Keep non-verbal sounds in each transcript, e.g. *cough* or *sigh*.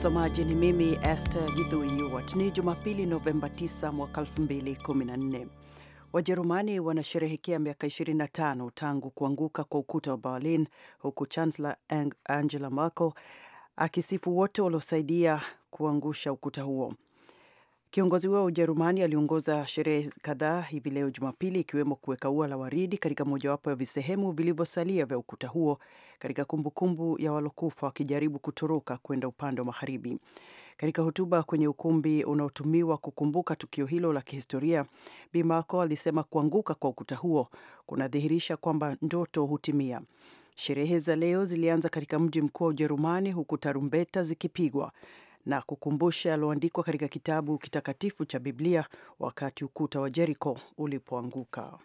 Msomaji ni mimi Esther Githuiwat. Ni Jumapili, Novemba 9 mwaka 2014. Wajerumani wanasherehekea miaka 25 tangu kuanguka kwa ukuta wa Berlin, huku Chancellor Angela Merkel akisifu wote waliosaidia kuangusha ukuta huo. Kiongozi huyo wa Ujerumani aliongoza sherehe kadhaa hivi leo Jumapili, ikiwemo kuweka ua la waridi katika mojawapo ya visehemu vilivyosalia vya ukuta huo katika kumbukumbu ya walokufa wakijaribu kutoroka kwenda upande wa magharibi. Katika hotuba kwenye ukumbi unaotumiwa kukumbuka tukio hilo la kihistoria, Bi Merkel alisema kuanguka kwa ukuta huo kunadhihirisha kwamba ndoto hutimia. Sherehe za leo zilianza katika mji mkuu wa Ujerumani, huku tarumbeta zikipigwa na kukumbusha yaliyoandikwa katika kitabu kitakatifu cha Biblia wakati ukuta wa Jeriko ulipoanguka.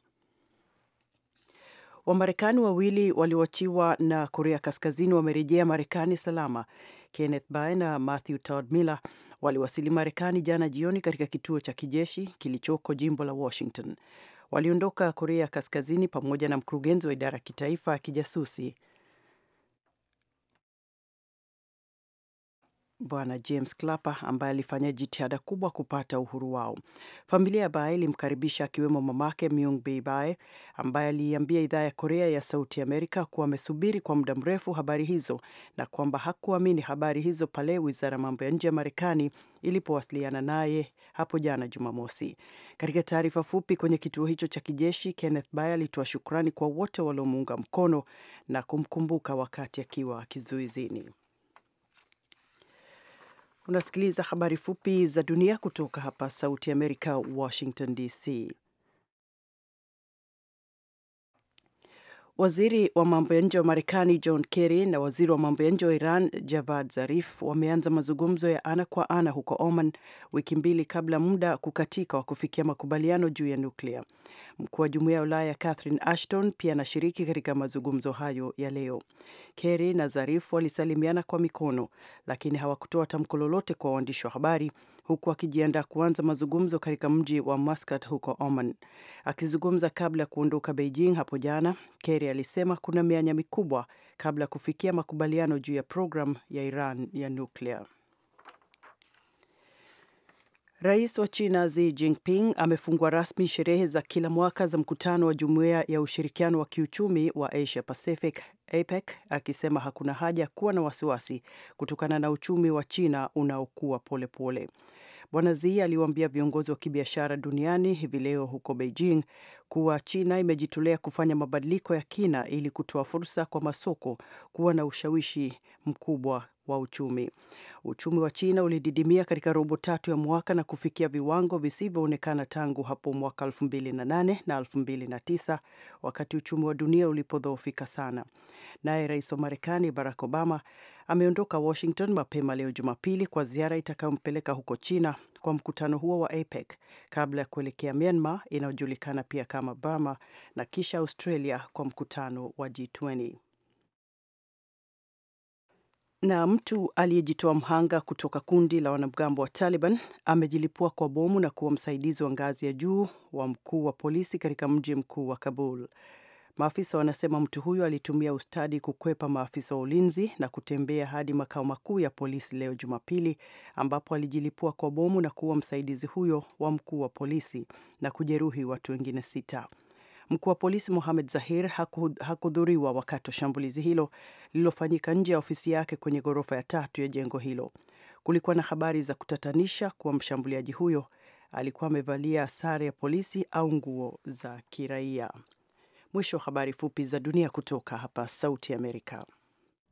Wamarekani wawili walioachiwa na Korea Kaskazini wamerejea Marekani salama. Kenneth Bae na Matthew Todd Miller waliwasili Marekani jana jioni katika kituo cha kijeshi kilichoko jimbo la Washington. Waliondoka Korea Kaskazini pamoja na mkurugenzi wa idara ya kitaifa ya kijasusi Bwana James Clapper ambaye alifanya jitihada kubwa kupata uhuru wao. Familia ya Bae ilimkaribisha akiwemo mamake Myung Bey Bae ambaye aliiambia idhaa ya Korea ya Sauti Amerika kuwa amesubiri kwa muda mrefu habari hizo na kwamba hakuamini habari hizo pale wizara ya mambo ya nje ya Marekani ilipowasiliana naye hapo jana Jumamosi. Katika taarifa fupi kwenye kituo hicho cha kijeshi, Kenneth Bae alitoa shukrani kwa wote waliomuunga mkono na kumkumbuka wakati akiwa kizuizini. Unasikiliza habari fupi za dunia kutoka hapa Sauti ya Amerika, Washington DC. Waziri wa mambo ya nje wa Marekani John Kerry na waziri wa mambo ya nje wa Iran Javad Zarif wameanza mazungumzo ya ana kwa ana huko Oman wiki mbili kabla muda kukatika wa kufikia makubaliano juu ya nuklia. Mkuu wa jumuiya ya Ulaya Catherine Ashton pia anashiriki katika mazungumzo hayo ya leo. Kerry na Zarifu walisalimiana kwa mikono, lakini hawakutoa tamko lolote kwa waandishi wa habari huku akijiandaa kuanza mazungumzo katika mji wa Muscat huko Oman. Akizungumza kabla ya kuondoka Beijing hapo jana, Kerry alisema kuna mianya mikubwa kabla ya kufikia makubaliano juu ya programu ya Iran ya nuklia. Rais wa China Xi Jinping amefungua rasmi sherehe za kila mwaka za mkutano wa Jumuiya ya Ushirikiano wa Kiuchumi wa Asia Pacific APEC akisema hakuna haja kuwa na wasiwasi kutokana na uchumi wa China unaokuwa polepole. Bwana Xi aliwaambia viongozi wa kibiashara duniani hivi leo huko Beijing kuwa China imejitolea kufanya mabadiliko ya kina ili kutoa fursa kwa masoko kuwa na ushawishi mkubwa wa uchumi. Uchumi wa China ulididimia katika robo tatu ya mwaka na kufikia viwango visivyoonekana tangu hapo mwaka 2008 na 2009 wakati uchumi wa dunia ulipodhoofika sana. Naye rais wa Marekani Barack Obama ameondoka Washington mapema leo Jumapili kwa ziara itakayompeleka huko China kwa mkutano huo wa APEC kabla ya kuelekea Myanmar inayojulikana pia kama Burma na kisha Australia kwa mkutano wa G20. Na mtu aliyejitoa mhanga kutoka kundi la wanamgambo wa Taliban amejilipua kwa bomu na kuwa msaidizi wa ngazi ya juu wa mkuu wa polisi katika mji mkuu wa Kabul. Maafisa wanasema mtu huyo alitumia ustadi kukwepa maafisa wa ulinzi na kutembea hadi makao makuu ya polisi leo Jumapili, ambapo alijilipua kwa bomu na kuwa msaidizi huyo wa mkuu wa polisi na kujeruhi watu wengine sita. Mkuu wa polisi Mohamed Zahir hakuhudhuriwa wakati wa shambulizi hilo lililofanyika nje ya ofisi yake kwenye ghorofa ya tatu ya jengo hilo. Kulikuwa na habari za kutatanisha kuwa mshambuliaji huyo alikuwa amevalia sare ya polisi au nguo za kiraia. Mwisho wa habari fupi za dunia kutoka hapa Sauti Amerika.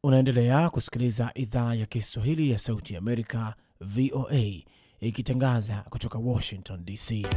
Unaendelea kusikiliza idhaa ya Kiswahili ya Sauti Amerika, VOA, ikitangaza kutoka Washington DC.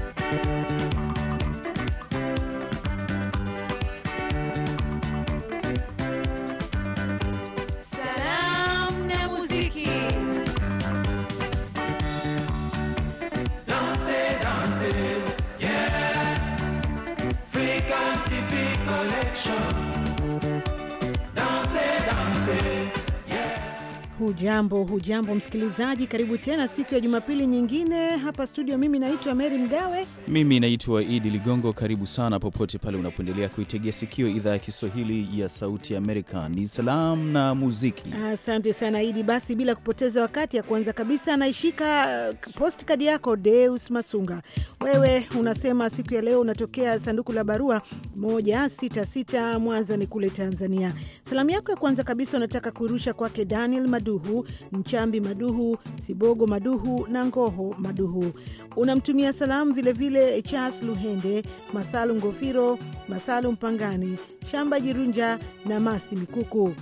Hujambo, hujambo msikilizaji, karibu tena siku ya Jumapili nyingine hapa studio. Mimi naitwa Meri Mgawe. Mimi naitwa Idi Ligongo. Karibu sana popote pale unapoendelea kuitegea sikio idhaa ya Kiswahili ya Sauti Amerika. Ni salamu na muziki. Asante sana Idi. Basi bila kupoteza wakati, ya kwanza kabisa anaishika uh, postkadi yako Deus Masunga. Wewe unasema siku ya leo unatokea sanduku la barua 166 Mwanza ni kule Tanzania. Salamu yako ya kwanza kabisa unataka kuirusha kwake Daniel Maduhu, Nchambi Maduhu, Sibogo Maduhu na Ngoho Maduhu. Unamtumia salamu vilevile Charles Luhende, Masalu Ngofiro, Masalu Mpangani, Shamba Jirunja na Masi Mikuku.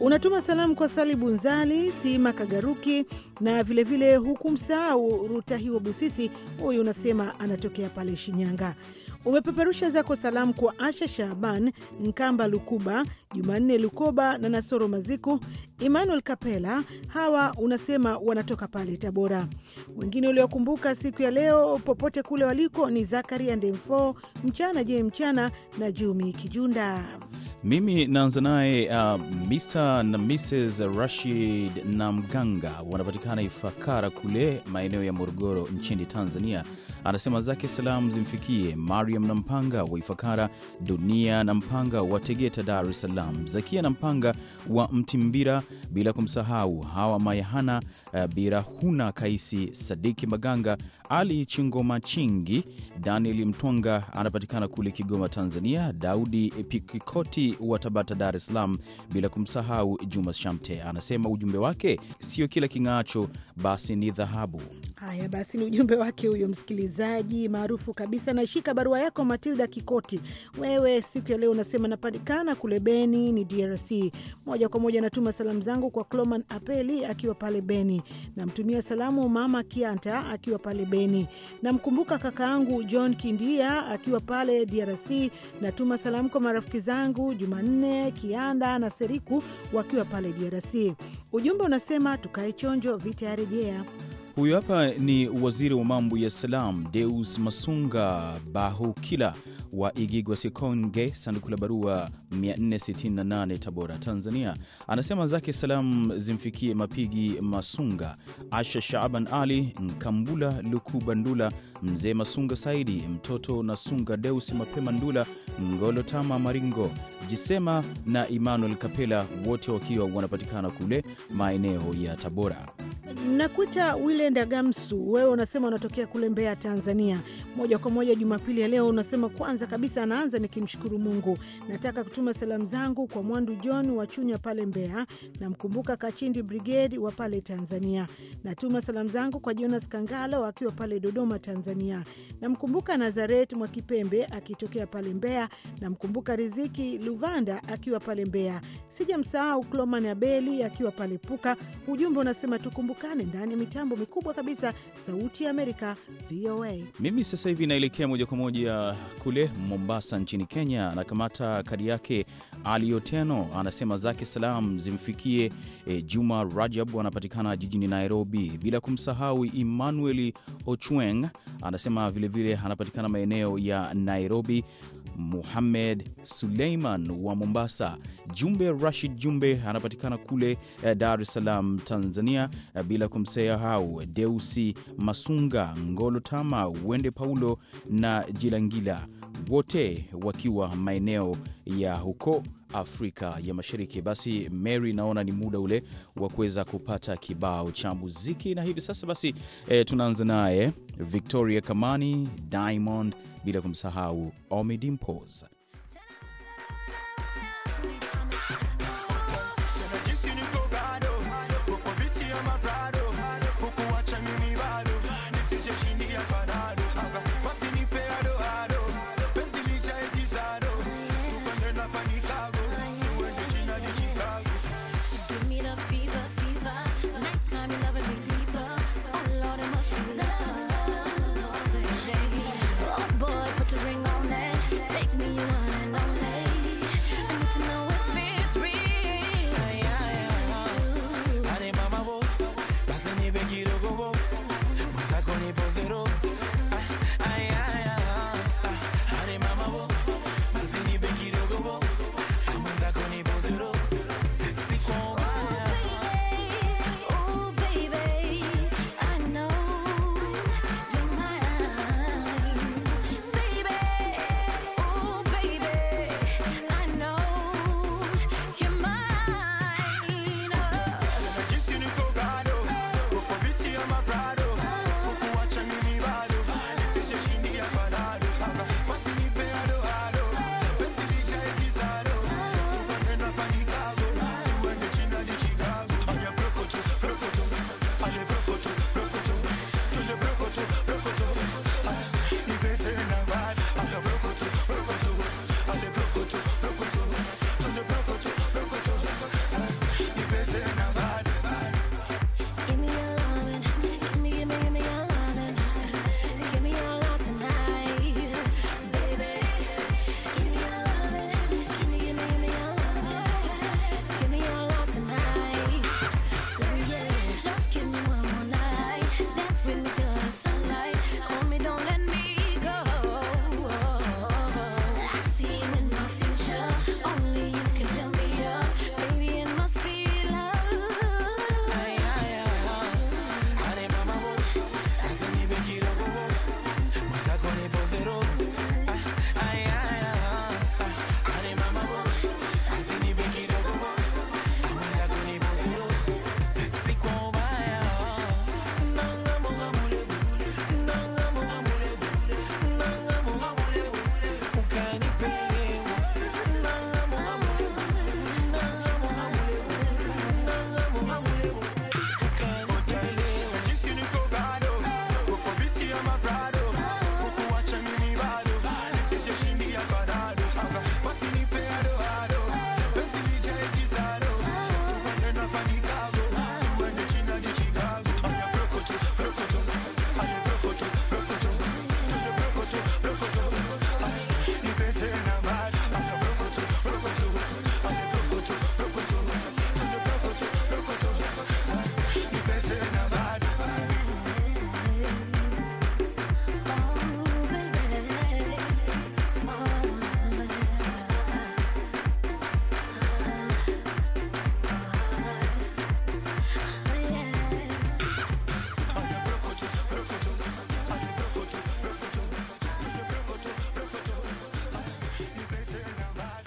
Unatuma salamu kwa Sali Bunzali, Sima Kagaruki na vilevile hukumsahau Rutahiwa Busisi, huyu unasema anatokea pale Shinyanga umepeperusha zako salamu kwa Asha Shaaban, Nkamba Lukuba, Jumanne Lukoba na Nasoro Maziku, Emmanuel Kapela. Hawa unasema wanatoka pale Tabora. Wengine uliokumbuka siku ya leo popote kule waliko ni Zakaria Ndemfo, Mchana Je Mchana na Jumi Kijunda. Mimi naanza naye uh, Mr na Mrs Rashid na Mganga wanapatikana Ifakara kule maeneo ya Morogoro nchini Tanzania. Anasema zake salamu zimfikie Mariam na Mpanga wa Ifakara, Dunia na Mpanga wa Tegeta, Dar es Salaam, Zakia na Mpanga wa Mtimbira, bila kumsahau Hawa Mayahana Eh, Birahuna Kaisi, Sadiki Maganga, Ali Chingoma Chingi, Daniel mtonga anapatikana kule Kigoma, Tanzania, Daudi Pikikoti wa Tabata, Dar es Salaam, bila kumsahau Juma Shamte. Anasema ujumbe wake sio kila king'aacho basi ni dhahabu. Haya basi, ni ujumbe wake huyo msikilizaji maarufu kabisa. Naishika barua yako Matilda Kikoti, wewe siku ya leo unasema napatikana kule Beni ni DRC. Moja kwa moja natuma salamu zangu kwa Cloman Apeli akiwa pale Beni. Namtumia salamu mama Kianta akiwa pale Beni. Namkumbuka kaka yangu John Kindia akiwa pale DRC. Natuma salamu kwa marafiki zangu Jumanne Kianda na Seriku wakiwa pale DRC. Ujumbe unasema tukae chonjo, vita yarejea. Huyu hapa ni waziri wa mambo ya salam Deus Masunga Bahukila wa Igigwa Sikonge, sanduku la barua 468, Tabora, Tanzania, anasema zake salamu zimfikie Mapigi Masunga, Asha Shaaban Ali, Nkambula Luku Bandula, Mzee Masunga Saidi, mtoto na Sunga Deus Mapema Ndula, Ngolo Tama Maringo Jisema na Emmanuel Kapela, wote wakiwa wanapatikana kule maeneo ya Tabora. Nakuita wile ndagamsu wewe unasema unatokea kule Mbeya, Tanzania moja kwa moja Jumapili ya leo unasema, kwanza kabisa anaanza nikimshukuru Mungu. Nataka kutuma salamu zangu kwa Mwandu John wa Chunya pale Mbeya, namkumbuka Kachindi Brigade wa pale Tanzania. Natuma salamu zangu kwa Jonas Kangalo akiwa pale Dodoma, Tanzania. Namkumbuka Nazaret Mwakipembe akitokea pale Mbeya. Namkumbuka Riziki Luvanda akiwa pale Mbeya. Sijamsahau Cloman Abeli akiwa pale Puka. Ujumbe unasema tukumbukane ndani ya mitambo mikubwa kabisa, Sauti ya Amerika, VOA. Mimi sasa hivi inaelekea moja kwa moja kule Mombasa nchini Kenya. Anakamata kadi yake Alioteno, anasema zake salam zimfikie e, Juma rajab anapatikana jijini Nairobi, bila kumsahau Emmanuel Ochweng, anasema vilevile vile anapatikana maeneo ya Nairobi. Muhamed Suleiman wa Mombasa, Jumbe Rashid Jumbe anapatikana kule eh, Dar es Salaam, Tanzania, eh, bila kumsahau Deusi Masunga, Ngolo Tama, Wende Paul Paulo na Jilangila, wote wakiwa maeneo ya huko Afrika ya Mashariki. Basi Mary, naona ni muda ule wa kuweza kupata kibao cha muziki, na hivi sasa basi e, tunaanza naye Victoria Kamani, Diamond, bila kumsahau Omy Dimpoz.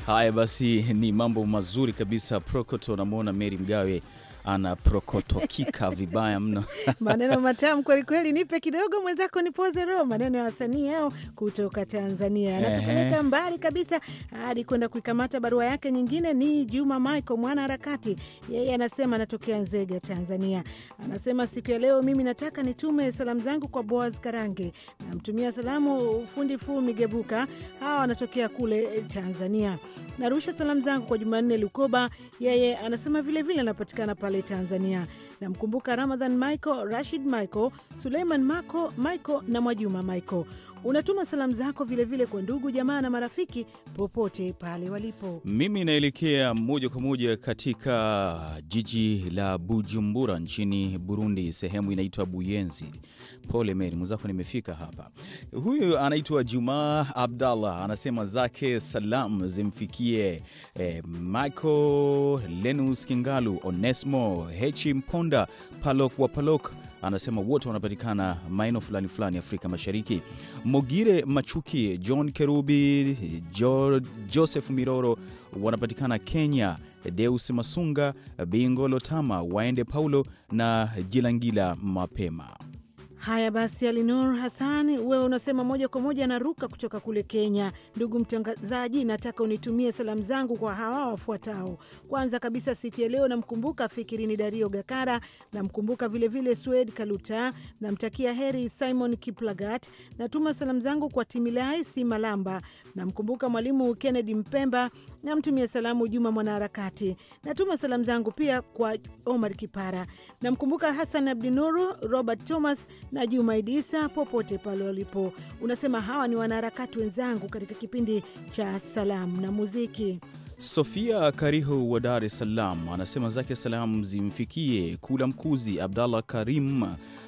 Haya basi, ni mambo mazuri kabisa. Prokoto, namwona Meri Mgawe anaprokotokika vibaya mno *laughs* maneno matamu kwelikweli. Nipe kidogo mwenzako nipoze roho, maneno ya wasanii hao kutoka Tanzania. Anatupeleka mbali kabisa hadi kwenda kuikamata barua yake nyingine. Ni Juma Michael, mwana harakati yeye anasema anatokea Nzega, Tanzania. Anasema siku ya leo mimi nataka nitume salamu zangu kwa Boaz Karange, namtumia salamu fundi fuu Migebuka, hawa wanatokea kule eh, Tanzania. Narusha salamu zangu kwa Jumanne Lukoba, yeye anasema vilevile anapatikana pale Mbale, Tanzania. Namkumbuka Ramadhan Michael, Rashid Michael, Suleiman Mako Michael na Mwajuma Michael. Unatuma salamu zako vilevile kwa ndugu jamaa na marafiki popote pale walipo. Mimi naelekea moja kwa moja katika jiji la Bujumbura nchini Burundi, sehemu inaitwa Buyenzi. Pole Meri mwenzako, nimefika hapa. Huyu anaitwa Jumaa Abdallah, anasema zake salam zimfikie eh, Michael Lenus Kingalu, Onesmo Hechi Mponda, Palok wa Palok anasema wote wanapatikana maeneo fulani fulani Afrika Mashariki. Mogire Machuki, John Kerubi, jo, Joseph Miroro wanapatikana Kenya, Deus Masunga, Bingolotama, Waende Paulo na Jilangila Mapema. Haya basi, Alinur Hassan, wewe unasema moja kwa moja naruka kutoka kule Kenya. Ndugu mtangazaji, nataka unitumie salamu zangu kwa hawa wafuatao. Kwanza kabisa, siku ya leo namkumbuka Fikirini Dario Gakara, namkumbuka vilevile Swed Kaluta, namtakia heri Simon Kiplagat. Natuma salamu zangu kwa Timilai Simalamba, namkumbuka mwalimu kennedi Mpemba namtumia salamu Juma Mwanaharakati. Natuma salamu zangu pia kwa Omar Kipara, namkumbuka Hasan Abdinuru, Robert Thomas na Juma Idisa popote pale walipo. Unasema hawa ni wanaharakati wenzangu katika kipindi cha salamu na muziki. Sofia karihu wa Dar es Salaam anasema zake salamu zimfikie Kula Mkuzi, Abdallah Karim,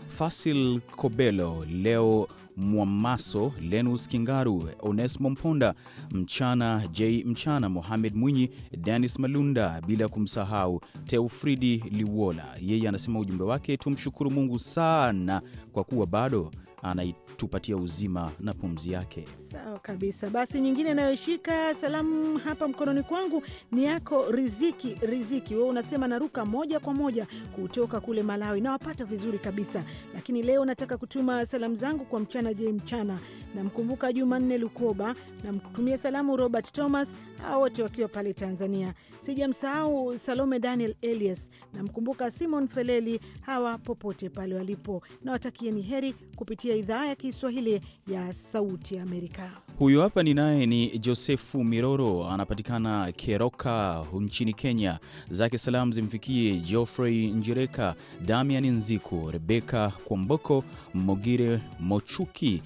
Fasil Kobelo, Leo Mwamaso, Lenus Kingaru, Onesmo Mponda, Mchana J Mchana, Mohamed Mwinyi, Dennis Malunda, bila kumsahau Teofridi Liwola. Yeye anasema ujumbe wake, tumshukuru Mungu sana kwa kuwa bado anaitupatia uzima na pumzi yake. Sawa kabisa. Basi nyingine inayoshika salamu hapa mkononi kwangu ni yako Riziki. Riziki, wewe unasema naruka moja kwa moja kutoka kule Malawi, nawapata vizuri kabisa, lakini leo nataka kutuma salamu zangu kwa mchana. Je, mchana namkumbuka Jumanne Lukoba, namtumia salamu Robert Thomas, hawa wote wakiwa pale Tanzania. Sijamsahau Salome Daniel Elias, namkumbuka Simon Feleli, hawa popote pale walipo, na watakieni heri kupitia idhaa ya Kiswahili ya Sauti ya Amerika. Huyu hapa ni naye ni Josefu Miroro, anapatikana Keroka nchini Kenya. Zake salamu zimfikie Geoffrey Njireka, Damian Nziku, Rebeka Kwamboko, Mogire Mochuki,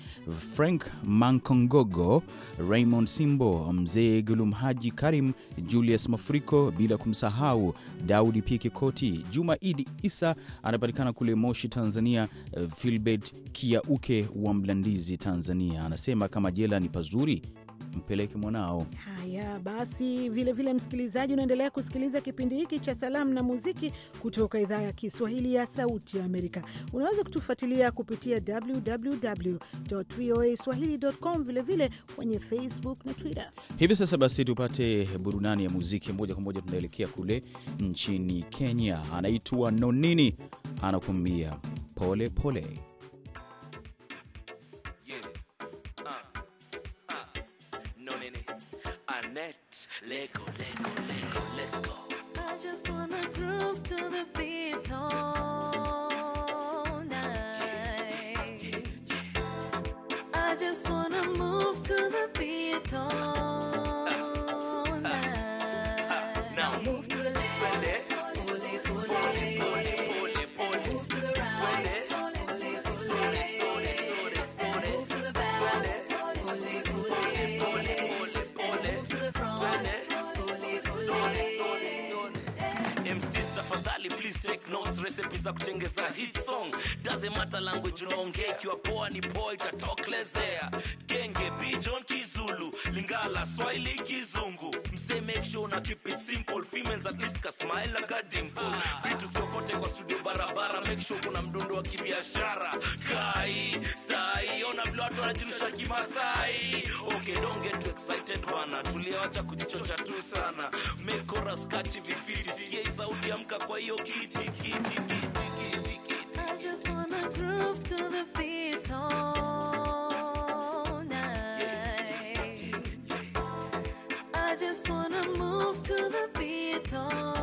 Frank Mankongogo, Raymond Simbo, Mzee Gulumhaji Karim, Julius Mafuriko, bila kumsahau Daudi Pikikoti. Juma Idi Isa anapatikana kule Moshi, Tanzania. Filbert Kiauke wa Mlandizi, Tanzania, anasema kama jela ni pazuri mpeleke mwanao. Haya basi, vilevile msikilizaji, unaendelea kusikiliza kipindi hiki cha salamu na muziki kutoka idhaa ya Kiswahili ya Sauti ya Amerika. Unaweza kutufuatilia kupitia swahilicom vilevile kwenye Facebook na Twitter. Hivi sasa basi, tupate burudani ya muziki moja kwa moja. Tunaelekea kule nchini Kenya, anaitwa Nonini, anakuambia pole pole. net. Let go, let go, let go, let's go. I just wanna groove to the beat all night. I just wanna move to the beat all kabisa kutengeza hit song doesn't matter language unaongea ikiwa poa ni poa itatoklezea genge bijon kizulu lingala swahili kizungu msee make sure una keep it simple females at least ka smile like a dimple vitu siokote kwa studio barabara make sure kuna mdundo wa kibiashara kai sai ona vile watu wanajirusha kimasai okay don't get too excited bana wacha kujichocha vizuri sana vifiti sauti amka kwa hiyo kiti kiti I just wanna groove to the beat I just wanna move to the beat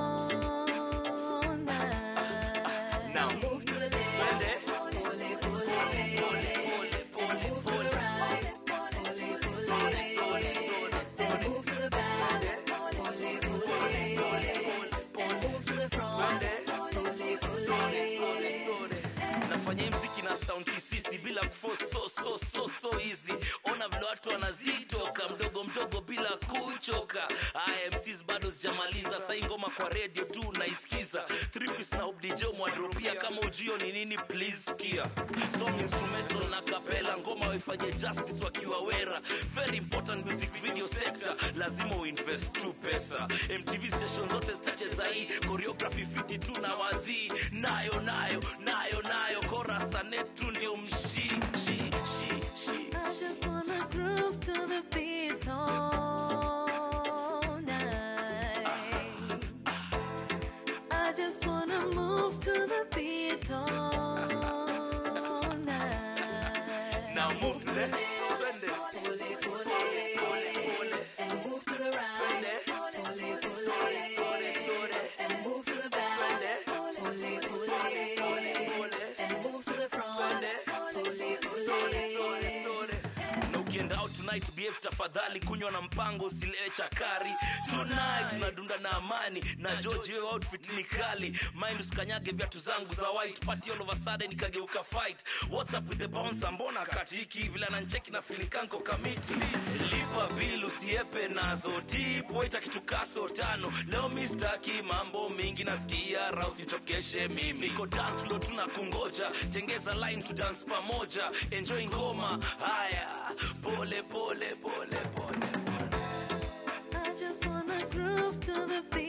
kwa radio tu naisikiza tripis na ubdijo mwadropia kama ujio ni nini please kia song instrumental na kapela ngoma waifanye justice wakiwa wera very important music video sector lazima uinvest tu pesa mtv station zote zitacheza hii choreography 52 na wadhi nayo nayo nayo nayo move to that. kuwa na amani na George hiyo outfit ni kali mind usikanyage viatu zangu za white party all of a sudden nikageuka fight what's up with the bouncer mbona katiki vile anancheki na feeling kanko kamiti lipa bill usiepe nazo tip waita kitu kaso tano leo mi staki mambo mingi nasikia ra usichokeshe mimi niko dance floor tunakungoja tengeza line to dance pamoja enjoy ngoma haya pole pole pole pole to the beat.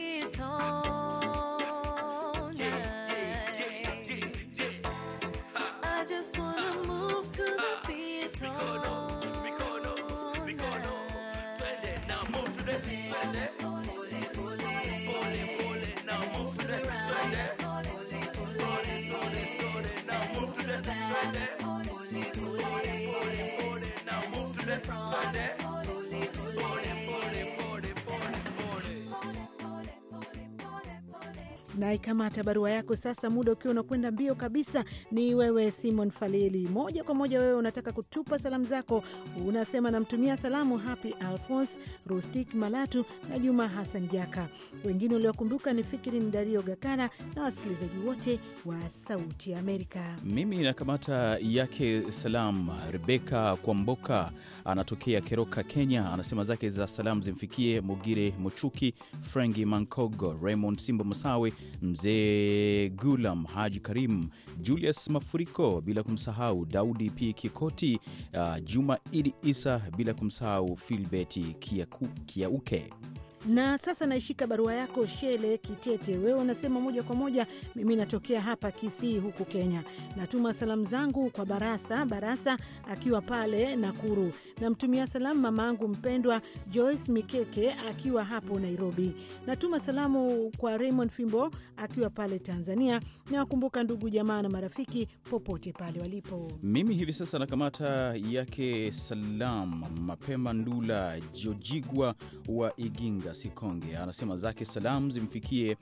naikamata barua yako sasa, muda ukiwa unakwenda mbio kabisa. Ni wewe Simon Faleli, moja kwa moja wewe unataka kutupa salamu zako, unasema namtumia salamu Happy Alphonse, Rustik Malatu na Juma Hassan Jaka. Wengine uliokumbuka ni Fikiri dario Gakara na wasikilizaji wote wa Sauti ya Amerika. Mimi nakamata yake salam Rebeka Kwamboka, anatokea Keroka, Kenya. Anasema zake za salamu zimfikie Mugire Muchuki, frangi Mankogo, Raymond Simbo Masawe mzee Gulam Haji Karim, Julius Mafuriko, bila kumsahau Daudi P Kikoti, uh, Juma Idi Isa, bila kumsahau Filbeti Kiauke. Na sasa naishika barua yako Shele Kitete, wewe unasema moja kwa moja, mimi natokea hapa Kisii huku Kenya. Natuma salamu zangu kwa Barasa Barasa akiwa pale Nakuru, namtumia salamu mamaangu mpendwa Joyce Mikeke akiwa hapo Nairobi. Natuma salamu kwa Raymond Fimbo akiwa pale Tanzania, nawakumbuka ndugu jamaa na marafiki popote pale walipo. Mimi hivi sasa nakamata yake salam mapema Ndula Jojigwa wa Iginga Mabula Sikonge anasema zake salam zimfikie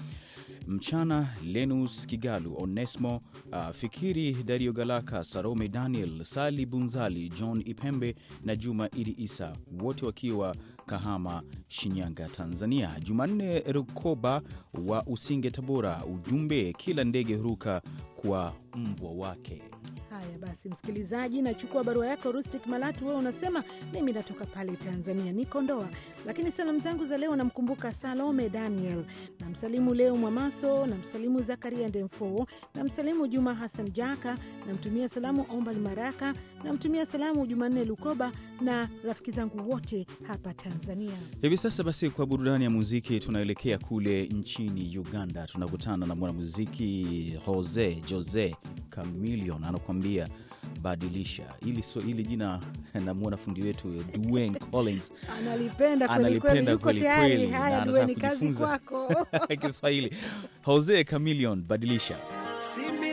Mchana Lenus Kigalu, Onesmo uh, Fikiri, Dario Galaka, Sarome Daniel, Sali Bunzali, John Ipembe na Juma Idi Isa, wote wakiwa Kahama, Shinyanga, Tanzania. Jumanne Rukoba wa Usinge, Tabora, ujumbe kila ndege huruka kwa mbwa wake. Haya basi, msikilizaji, nachukua barua yako Rustic Malatu. Wewe unasema mimi natoka pale Tanzania, niko ndoa, lakini salamu zangu za leo namkumbuka Salome Daniel, namsalimu Leo Mwamaso, namsalimu Zakaria Ndemfo, namsalimu Juma Hassan Jaka, namtumia salamu Ombal Maraka namtumia salamu Jumanne Lukoba na rafiki zangu wote hapa Tanzania. Hivi sasa basi, kwa burudani ya muziki tunaelekea kule nchini Uganda, tunakutana na mwanamuziki Jose Jose Camilion anakuambia badilisha ili so, ili jina namwona *laughs* fundi wetu Dwayne Collins analipenda *laughs* analipenda kweli kweli, na kazi kwako *laughs* Kiswahili. Jose Camilion badilisha Simi.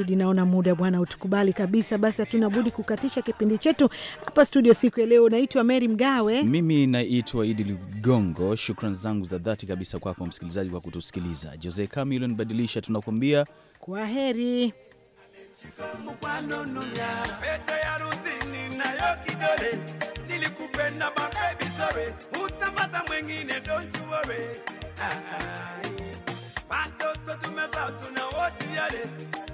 Idi, naona muda bwana utukubali kabisa, basi hatuna budi kukatisha kipindi chetu hapa studio siku ya leo. naitwa Meri Mgawe, mimi naitwa Idi Ligongo. Shukran zangu za dhati kabisa kwako kwa msikilizaji kwa kutusikiliza. Jose Kami Badilisha, tunakuambia kwa heri. Nilikupenda mabebi, sorry, utapata mwengine, don't you worry. Ah, ah ndoto tumeza tuna wote yale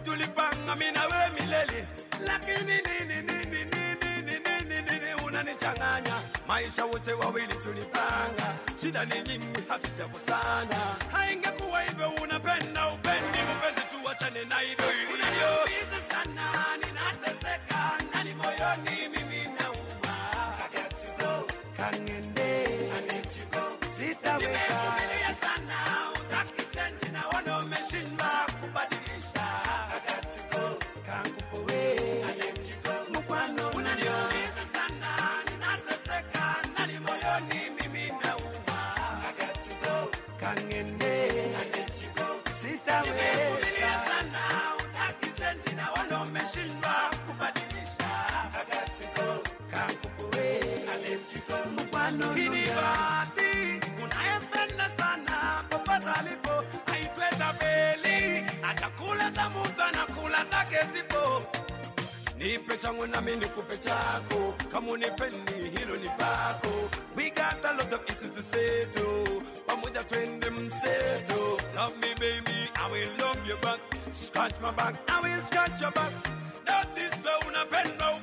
tulipanga mimi na wewe milele, lakini nini nini nini nini nini nini unanichanganya? Maisha wote wawili tulipanga, shida ni nyingi, hatujakosana. Haingekuwa hivyo, unapenda upendi, mpenzi, tu achane na hilo hilo. Unaniumiza sana, ninateseka ndani moyoni mimi Kinibati, sana Nipe changu nami nikupe chako, kama unipendi hilo ni pako. We got a lot of issues to settle, pamoja twende mseto. Love me baby, I will love you back, scratch my back, I will scratch your back. That is where unapenda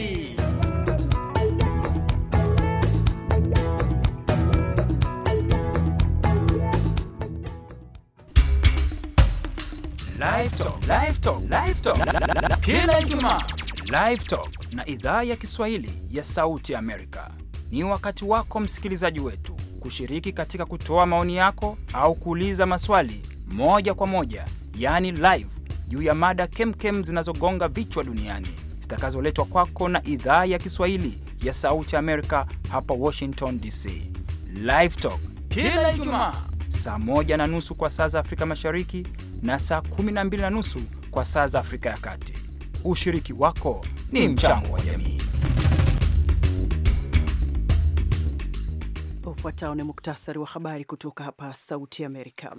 Kila Ijumaa na idhaa ya Kiswahili ya Sauti Amerika. Ni wakati wako msikilizaji wetu kushiriki katika kutoa maoni yako au kuuliza maswali moja kwa moja, yani live, juu ya mada kemkem zinazogonga vichwa duniani zitakazoletwa kwako na idhaa ya Kiswahili ya Sauti Amerika hapa Washington DC. livetok kila Ijumaa saa moja na nusu kwa saa za Afrika Mashariki na saa 12 na nusu kwa saa za Afrika ya Kati. Ushiriki wako ni mchango wa jamii. Ufuatao ni muktasari wa habari kutoka hapa Sauti Amerika.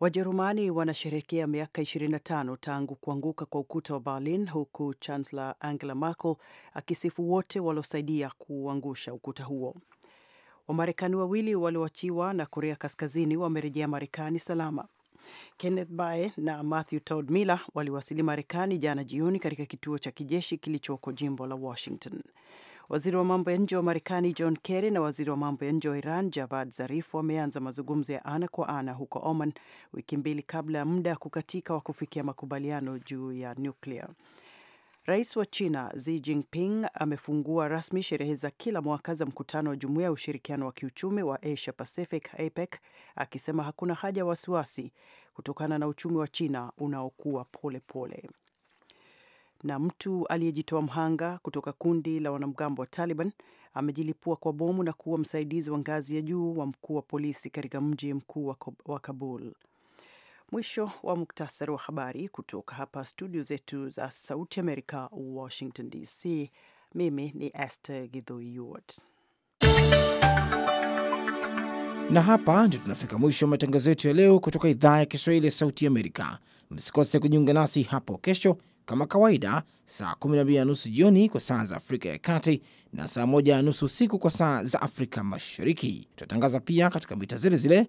Wajerumani wanasherehekea miaka 25 tangu kuanguka kwa ukuta wa Berlin, huku Chancellor Angela Merkel akisifu wote waliosaidia kuangusha ukuta huo. Wamarekani wawili walioachiwa na Korea Kaskazini wamerejea Marekani salama. Kenneth Bae na Matthew Todd Miller waliwasili Marekani jana jioni katika kituo cha kijeshi kilichoko jimbo la Washington. Waziri wa mambo ya nje wa Marekani John Kerry na waziri wa mambo ya nje wa Iran Javad Zarif wameanza mazungumzo ya ana kwa ana huko Oman wiki mbili kabla ya muda ya kukatika wa kufikia makubaliano juu ya nuklia. Rais wa China Xi Jinping amefungua rasmi sherehe za kila mwaka za mkutano wa Jumuiya ya Ushirikiano wa Kiuchumi wa Asia Pacific, APEC, akisema hakuna haja ya wasiwasi kutokana na uchumi wa China unaokuwa polepole pole. Na mtu aliyejitoa mhanga kutoka kundi la wanamgambo wa Taliban amejilipua kwa bomu na kuwa msaidizi wa ngazi ya juu wa mkuu wa polisi katika mji mkuu wa Kabul. Mwisho wa muktasari wa habari kutoka hapa studio zetu za Sauti Amerika, Washington DC. Mimi ni Esther Gidhoiyot, na hapa ndio tunafika mwisho wa matangazo yetu ya leo kutoka idhaa ya Kiswahili ya Sauti Amerika. Msikose kujiunga nasi hapo kesho kama kawaida saa 12 na nusu jioni kwa saa za Afrika ya Kati na saa 1 na nusu usiku kwa saa za Afrika Mashariki. tunatangaza pia katika mita zile zile